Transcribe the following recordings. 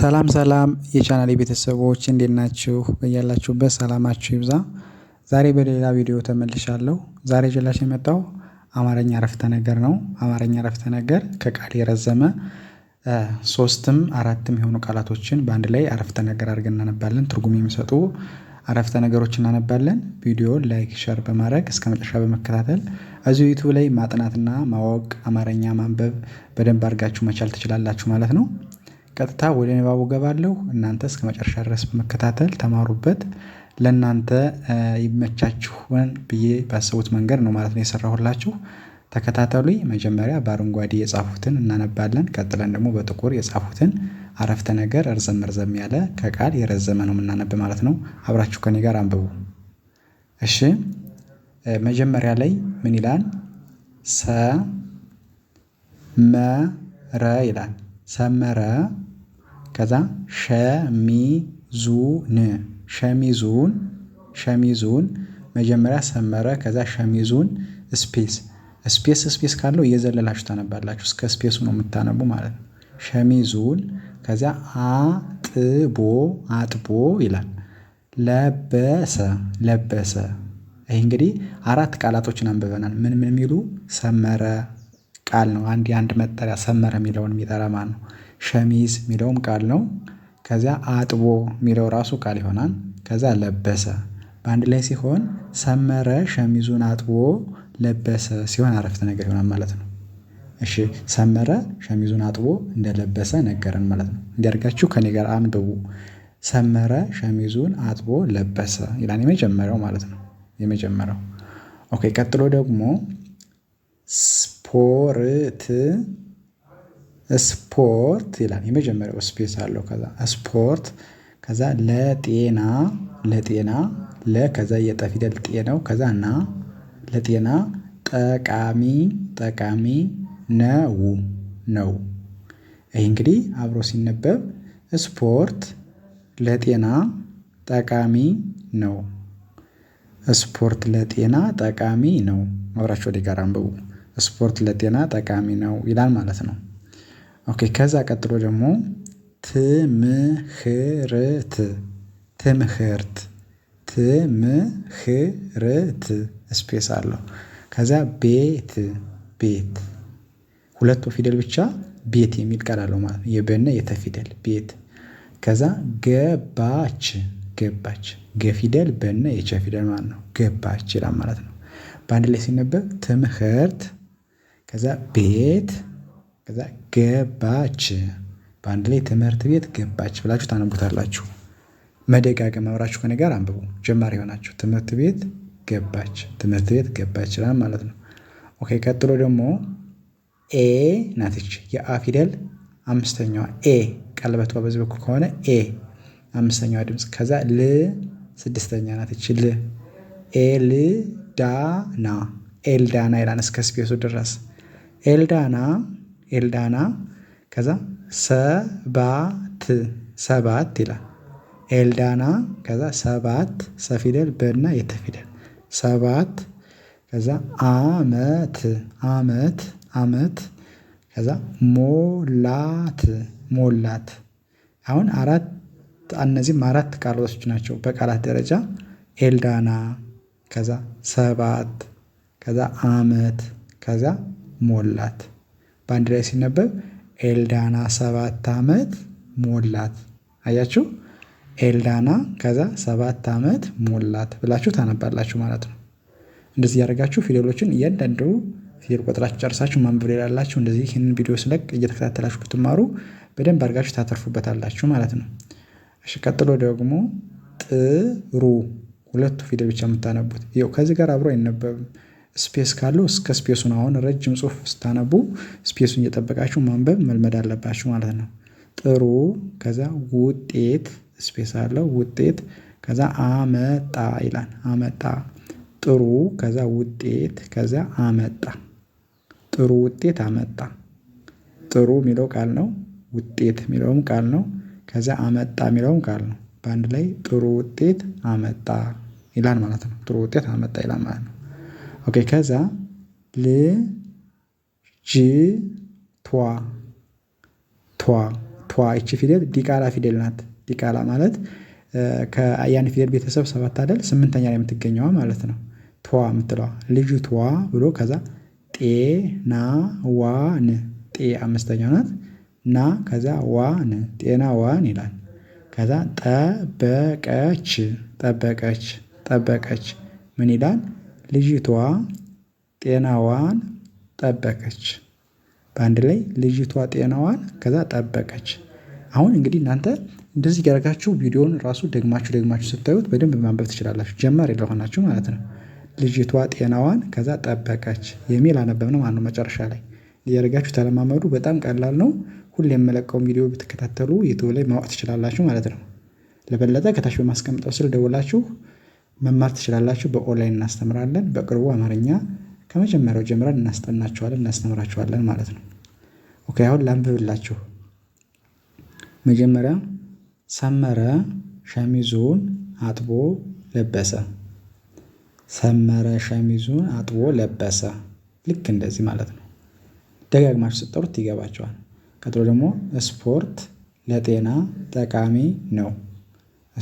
ሰላም ሰላም የቻናል ቤተሰቦች እንዴት ናችሁ? በያላችሁበት ሰላማችሁ ይብዛ። ዛሬ በሌላ ቪዲዮ ተመልሻለሁ። ዛሬ ጀላሽ የመጣው አማርኛ አረፍተ ነገር ነው። አማርኛ አረፍተ ነገር ከቃል የረዘመ ሶስትም አራትም የሆኑ ቃላቶችን በአንድ ላይ አረፍተ ነገር አድርገን እናነባለን። ትርጉም የሚሰጡ አረፍተ ነገሮች እናነባለን። ቪዲዮ ላይክ፣ ሸር በማድረግ እስከ መጨረሻ በመከታተል እዚሁ ዩቱብ ላይ ማጥናትና ማወቅ አማርኛ ማንበብ በደንብ አድርጋችሁ መቻል ትችላላችሁ ማለት ነው። ቀጥታ ወደ ንባቡ ገባለሁ። እናንተ መጨረሻ ድረስ በመከታተል ተማሩበት ለእናንተ ይመቻችሁን ብዬ ባሰቡት መንገድ ነው ማለት ነው የሰራሁላችሁ። ተከታተሉ መጀመሪያ በአረንጓዴ የጻፉትን እናነባለን ቀጥለን ደግሞ በጥቁር የጻፉትን አረፍተ ነገር እርዘም እርዘም ያለ ከቃል የረዘመ ነው የምናነብ ማለት ነው። አብራችሁ ከኔ ጋር አንብቡ። እሺ መጀመሪያ ላይ ምን ይላል? ሰ መረ ይላል ሰመረ ከዛ ሸሚዙን ሸሚዙን ሸሚዙን መጀመሪያ ሰመረ ከዛ ሸሚዙን ስፔስ ስፔስ ስፔስ ካለው እየዘለላችሁ ታነባላችሁ። እስከ ስፔሱ ነው የምታነቡ ማለት ነው። ሸሚዙን ከዚያ አጥቦ አጥቦ ይላል። ለበሰ ለበሰ። ይህ እንግዲህ አራት ቃላቶችን አንብበናል። ምን ምን የሚሉ ሰመረ ቃል ነው። አንድ የአንድ መጠሪያ ሰመረ የሚለውን የሚጠራ ማለት ነው። ሸሚዝ የሚለውም ቃል ነው። ከዚያ አጥቦ የሚለው ራሱ ቃል ይሆናል። ከዚያ ለበሰ በአንድ ላይ ሲሆን ሰመረ ሸሚዙን አጥቦ ለበሰ ሲሆን አረፍተ ነገር ይሆናል ማለት ነው። እሺ ሰመረ ሸሚዙን አጥቦ እንደለበሰ ነገረን ማለት ነው። እንዲያርጋችሁ ከኔ ጋር አንብቡ። ሰመረ ሸሚዙን አጥቦ ለበሰ ይላል የመጀመሪያው ማለት ነው። የመጀመሪያው ኦኬ። ቀጥሎ ደግሞ ስፖርት ስፖርት ይላል የመጀመሪያው ስፔስ አለው ከዛ ስፖርት ከዛ ለጤና ለጤና ለ ከዛ የጠ ጤ ነው ከዛ ና ለጤና ጠቃሚ ጠቃሚ ነው ነው። ይሄ እንግዲህ አብሮ ሲነበብ ስፖርት ለጤና ጠቃሚ ነው። ስፖርት ለጤና ጠቃሚ ነው። አብራችሁ ወደ ጋር አንብቡ ስፖርት ለጤና ጠቃሚ ነው ይላል ማለት ነው። ኦኬ ከዛ ቀጥሎ ደግሞ ትምህርት ትምህርት ትምህርት ስፔስ አለው ከዛ ቤት ቤት ሁለቱ ፊደል ብቻ ቤት የሚል ቃል አለው ማለት ነው። የበነ የተ ፊደል ቤት ከዛ ገባች ገባች ገፊደል በነ የቸ ፊደል ማለት ነው ገባች ይላል ማለት ነው። በአንድ ላይ ሲነበብ ትምህርት ከዛ ቤት ከዛ ገባች በአንድ ላይ ትምህርት ቤት ገባች ብላችሁ ታነቡታላችሁ። መደጋገም አብራችሁ ከእኔ ጋር አንብቡ ጀማሪ የሆናችሁ ትምህርት ቤት ገባች ትምህርት ቤት ገባች ይላል ማለት ነው። ኦኬ ቀጥሎ ደግሞ ኤ ናትች የአፊደል የአ ፊደል አምስተኛዋ ኤ ቀለበቷ በዚህ በኩል ከሆነ ኤ አምስተኛዋ ድምፅ ከዛ ል ስድስተኛ ናትች ል ኤልዳና ኤልዳና ይላን እስከ ስፔሱ ድረስ ኤልዳና ኤልዳና ከዛ ሰባት ሰባት ይላል ኤልዳና ከዛ ሰባት ሰፊደል በና የተፊደል ሰባት ከዛ አመት አመት አመት ከዛ ሞላት ሞላት አሁን አራት እነዚህም አራት ቃላቶች ናቸው በቃላት ደረጃ ኤልዳና ከዛ ሰባት ከዛ አመት ከዛ ሞላት። በአንድ ላይ ሲነበብ ኤልዳና ሰባት አመት ሞላት። አያችሁ ኤልዳና ከዛ ሰባት አመት ሞላት ብላችሁ ታነባላችሁ ማለት ነው። እንደዚህ ያደረጋችሁ ፊደሎችን እያንዳንዱ ፊደል ቆጥራችሁ ጨርሳችሁ ማንበብ ላላችሁ እንደዚህ ይህንን ቪዲዮ ስለቅ እየተከታተላችሁ ብትማሩ በደንብ አድርጋችሁ ታተርፉበታላችሁ ማለት ነው። እሺ ቀጥሎ ደግሞ ጥሩ ሁለቱ ፊደል ብቻ የምታነቡት ይኸው ከዚህ ጋር አብሮ አይነበብም። ስፔስ ካለው እስከ ስፔሱን አሁን ረጅም ጽሁፍ ስታነቡ ስፔሱን እየጠበቃችሁ ማንበብ መልመድ አለባችሁ ማለት ነው። ጥሩ ከዛ ውጤት ስፔስ አለው ውጤት ከዛ አመጣ ይላል አመጣ ጥሩ ከዛ ውጤት ከዛ አመጣ ጥሩ ውጤት አመጣ ጥሩ የሚለው ቃል ነው። ውጤት የሚለውም ቃል ነው። ከዚያ አመጣ የሚለውም ቃል ነው በአንድ ላይ ጥሩ ውጤት አመጣ ይላል ማለት ነው። ጥሩ ውጤት አመጣ ይላል ማለት ነው ኦኬ ከዛ ልጅቷ ቷ ቷ ይቺ ፊደል ዲቃላ ፊደል ናት። ዲቃላ ማለት ከአያን ፊደል ቤተሰብ ሰባት አይደል ስምንተኛ ላይ የምትገኘዋ ማለት ነው። ቷ የምትለዋ ልጅቷ ብሎ ከዛ ጤናዋን ጤ አምስተኛው ናት ና ከዛ ዋን ጤናዋን ይላል። ከዛ ጠበቀች ጠበቀች ጠበቀች ምን ይላል? ልጅቷ ጤናዋን ጠበቀች። በአንድ ላይ ልጅቷ ጤናዋን ከዛ ጠበቀች። አሁን እንግዲህ እናንተ እንደዚህ ያደረጋችሁ ቪዲዮውን ራሱ ደግማችሁ ደግማችሁ ስታዩት በደንብ ማንበብ ትችላላችሁ። ጀማሪ ለሆናችሁ ማለት ነው። ልጅቷ ጤናዋን ከዛ ጠበቀች የሚል አነበብነው ነው ማነው መጨረሻ ላይ እያደረጋችሁ ተለማመዱ። በጣም ቀላል ነው። ሁሌ የመለቀውን ቪዲዮ ብትከታተሉ ዩቱብ ላይ ማወቅ ትችላላችሁ ማለት ነው። ለበለጠ ከታች በማስቀምጠው ስል ደውላችሁ መማር ትችላላችሁ። በኦንላይን እናስተምራለን በቅርቡ አማርኛ ከመጀመሪያው ጀምረን እናስጠናችኋለን እናስተምራችኋለን ማለት ነው። ኦኬ አሁን ላንብብላችሁ። መጀመሪያ ሰመረ ሸሚዙን አጥቦ ለበሰ። ሰመረ ሸሚዙን አጥቦ ለበሰ። ልክ እንደዚህ ማለት ነው። ደጋግማችሁ ስጠሩት ይገባቸዋል። ቀጥሎ ደግሞ ስፖርት ለጤና ጠቃሚ ነው።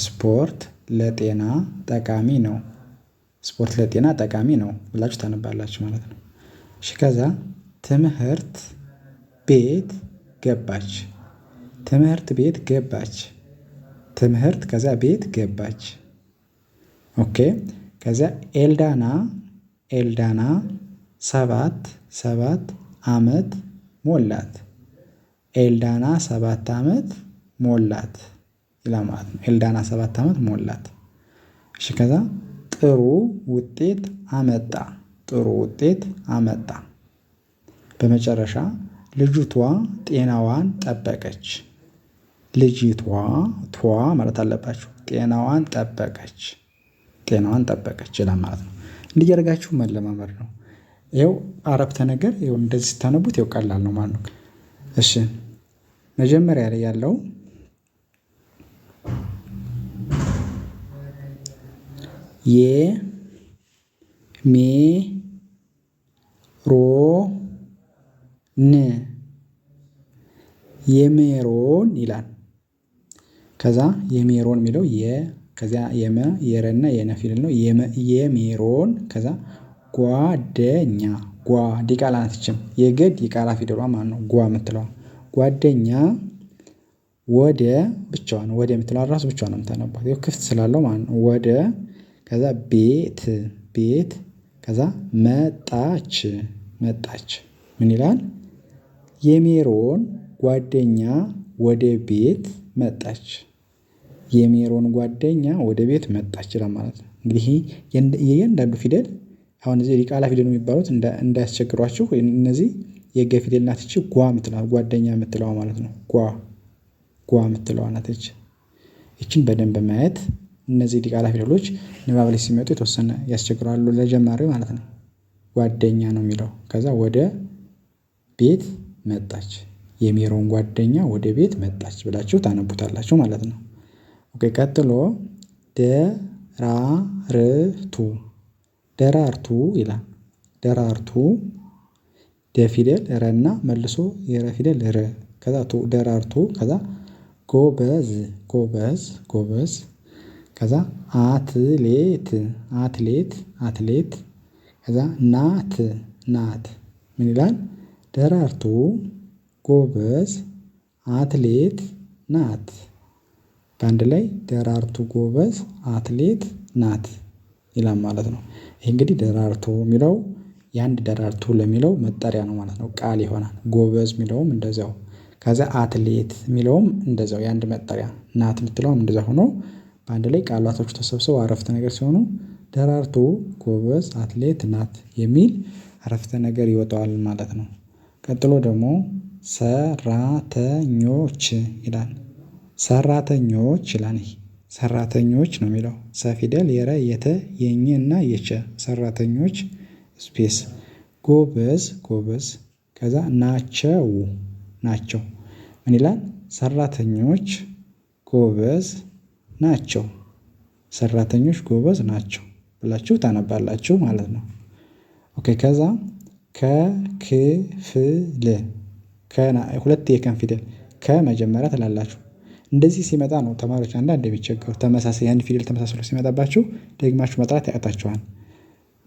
ስፖርት ለጤና ጠቃሚ ነው። ስፖርት ለጤና ጠቃሚ ነው ብላችሁ ታነባላችሁ ማለት ነው። እሺ ከዛ ትምህርት ቤት ገባች። ትምህርት ቤት ገባች። ትምህርት ከዛ ቤት ገባች። ኦኬ ከዛ ኤልዳና ኤልዳና ሰባት ሰባት አመት ሞላት። ኤልዳና ሰባት አመት ሞላት ብላ ማለት ነው። ኤልዳና ሰባት ዓመት ሞላት። እሺ ከዛ ጥሩ ውጤት አመጣ። ጥሩ ውጤት አመጣ። በመጨረሻ ልጅቷ ጤናዋን ጠበቀች። ልጅቷ ቷ ማለት አለባችሁ። ጤናዋን ጠበቀች። ጤናዋን ጠበቀች ይላል ማለት ነው። እንዲህ መለማመድ ነው። ይኸው አረፍተ ነገር ይኸው እንደዚህ ስታነቡት ይኸው ቀላል ነው ማለት ነው። እሺ መጀመሪያ ላይ ያለው የሜሮን የሜሮን ይላል። ከዛ የሜሮን የሚለው የ ከዚያ የመ የረና የነፊል ነው። የሜሮን ከዛ ጓደኛ ጓ ዲቃላ ናት የገድ የቃላ ፊደሏ ማለት ነው። ጓ የምትለዋ ጓደኛ ወደ ብቻዋን ወደ የምትለዋ ራሱ ብቻዋን ነው የምታነባት ክፍት ስላለው ማለት ነው። ወደ ከዛ ቤት ቤት ከዛ መጣች መጣች ምን ይላል? የሜሮን ጓደኛ ወደ ቤት መጣች የሜሮን ጓደኛ ወደ ቤት መጣች ይላል ማለት ነው። እንግዲህ የእያንዳንዱ ፊደል አሁን እዚህ ሊቃላ ፊደል የሚባሉት እንዳያስቸግሯችሁ እነዚህ የገ ፊደል ናትች ጓ የምትለዋ ጓደኛ ምትለዋ ማለት ነው ጓ ጓ ምትለዋ ናትች ይቺ በደንብ ማየት እነዚህ ዲቃላ ፊደሎች ንባብ ላይ ሲመጡ የተወሰነ ያስቸግራሉ ለጀማሪ ማለት ነው። ጓደኛ ነው የሚለው ከዛ ወደ ቤት መጣች የሜሮን ጓደኛ ወደ ቤት መጣች ብላችሁ ታነቡታላችሁ ማለት ነው። ኦኬ ቀጥሎ ደራርቱ ደራርቱ ይላል ደራርቱ ደፊደል ፊደል ረና መልሶ የረ ፊደል ከዛ ደራርቱ ከዛ ጎበዝ ጎበዝ ጎበዝ ከዛ አትሌት አትሌት አትሌት ከዛ ናት ናት ምን ይላል ደራርቱ ጎበዝ አትሌት ናት። በአንድ ላይ ደራርቱ ጎበዝ አትሌት ናት ይላል ማለት ነው። ይሄ እንግዲህ ደራርቱ የሚለው የአንድ ደራርቱ ለሚለው መጠሪያ ነው ማለት ነው ቃል ይሆናል ጎበዝ የሚለውም እንደዛው ከዛ አትሌት የሚለውም እንደዛው የአንድ መጠሪያ ናት የምትለውም እንደዛ ሆኖ በአንድ ላይ ቃላቶች ተሰብስበው አረፍተ ነገር ሲሆኑ ደራርቱ ጎበዝ አትሌት ናት የሚል አረፍተ ነገር ይወጣዋል ማለት ነው። ቀጥሎ ደግሞ ሰራተኞች ይላል ሰራተኞች ይላል ሰራተኞች ነው የሚለው ሰፊደል የረ የተ የኘ እና የቸ ሰራተኞች ስፔስ ጎበዝ ጎበዝ ከዛ ናቸው ናቸው ምን ይላል ሰራተኞች ጎበዝ ናቸው ሰራተኞች ጎበዝ ናቸው ብላችሁ ታነባላችሁ ማለት ነው። ኦኬ ከዛ ከክፍል ሁለት የከን ፊደል ከመጀመሪያ ትላላችሁ እንደዚህ ሲመጣ ነው ተማሪዎች አንዳንድ የሚቸገሩ ተመሳሳይ አንድ ፊደል ተመሳስሎ ሲመጣባችሁ ደግማችሁ መጥራት ያቅታችኋል።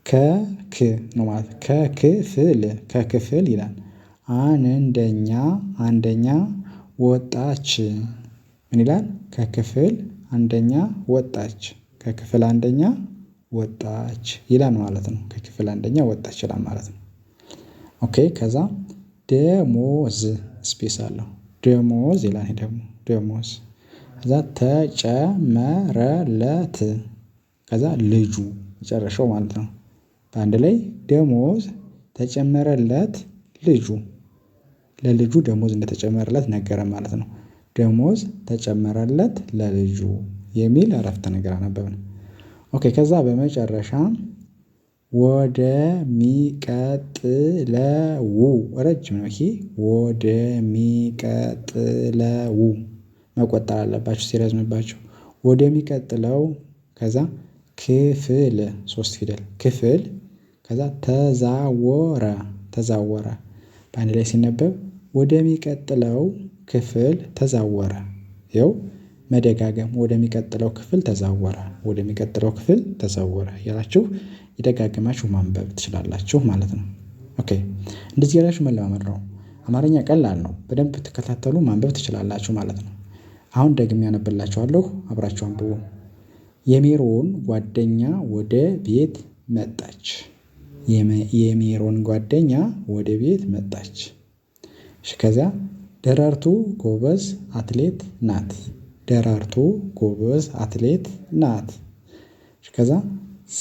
ከክ ነው ማለት ከክፍል ከክፍል ይላል አንደኛ አንደኛ ወጣች ምን ይላል ከክፍል አንደኛ ወጣች ከክፍል አንደኛ ወጣች ይላል ማለት ነው ከክፍል አንደኛ ወጣች ይላል ማለት ነው። ኦኬ ከዛ ደሞዝ ስፔስ አለው ደሞዝ ይላል ይሄ ደግሞ ደሞዝ ከዛ ተጨመረለት ከዛ ልጁ መጨረሻው ማለት ነው። በአንድ ላይ ደሞዝ ተጨመረለት ልጁ ለልጁ ደሞዝ እንደተጨመረለት ነገረ ማለት ነው ደሞዝ ተጨመረለት ለልጁ የሚል አረፍተ ነገር አነበብን። ኦኬ ከዛ በመጨረሻ ወደሚቀጥለው ረጅም ነው ይሄ ወደሚቀጥለው መቆጠር አለባቸው ሲረዝምባቸው። ወደሚቀጥለው ከዛ ክፍል ሶስት ፊደል ክፍል ከዛ ተዛወረ ተዛወረ በአንድ ላይ ሲነበብ ወደሚቀጥለው ክፍል ተዛወረ ይኸው መደጋገም ወደሚቀጥለው ክፍል ተዛወረ ወደሚቀጥለው ክፍል ተዛወረ እያላችሁ የደጋገማችሁ ማንበብ ትችላላችሁ ማለት ነው። ኦኬ እንደዚህ ያላችሁ መለማመድ ነው አማርኛ ቀላል ነው በደንብ ብትከታተሉ ማንበብ ትችላላችሁ ማለት ነው። አሁን ደግሜ ያነብላችኋለሁ፣ አብራችሁ አንብቡ። የሜሮን ጓደኛ ወደ ቤት መጣች። የሜሮን ጓደኛ ወደ ቤት መጣች። እሺ ደራርቱ ጎበዝ አትሌት ናት። ደራርቱ ጎበዝ አትሌት ናት። ከዛ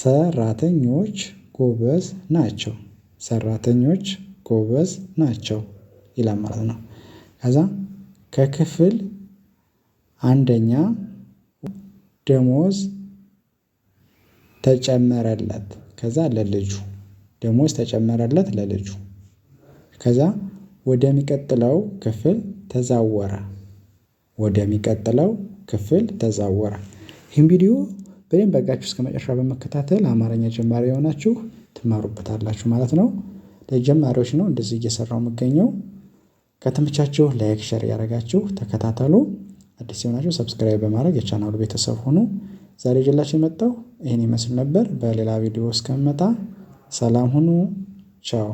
ሰራተኞች ጎበዝ ናቸው። ሰራተኞች ጎበዝ ናቸው ይላል ማለት ነው። ከዛ ከክፍል አንደኛ ደሞዝ ተጨመረለት ከዛ ለልጁ ደሞዝ ተጨመረለት ለልጁ ከዛ ወደሚቀጥለው ክፍል ተዛወረ ወደሚቀጥለው ክፍል ተዛወረ ይህም ቪዲዮ በደንብ አድርጋችሁ መጨረሻ በመከታተል አማርኛ ጀማሪ የሆናችሁ ትማሩበታላችሁ ማለት ነው። ለጀማሪዎች ነው እንደዚህ እየሰራው የምገኘው። ከተመቻችሁ ላይክ፣ ሸር ያደረጋችሁ ተከታተሉ። አዲስ የሆናችሁ ሰብስክራይብ በማድረግ የቻናሉ ቤተሰብ ሆኑ ዛሬ ጀላችሁ የመጣው ይህን ይመስል ነበር። በሌላ ቪዲዮ እስከምመጣ ሰላም ሁኑ። ቻው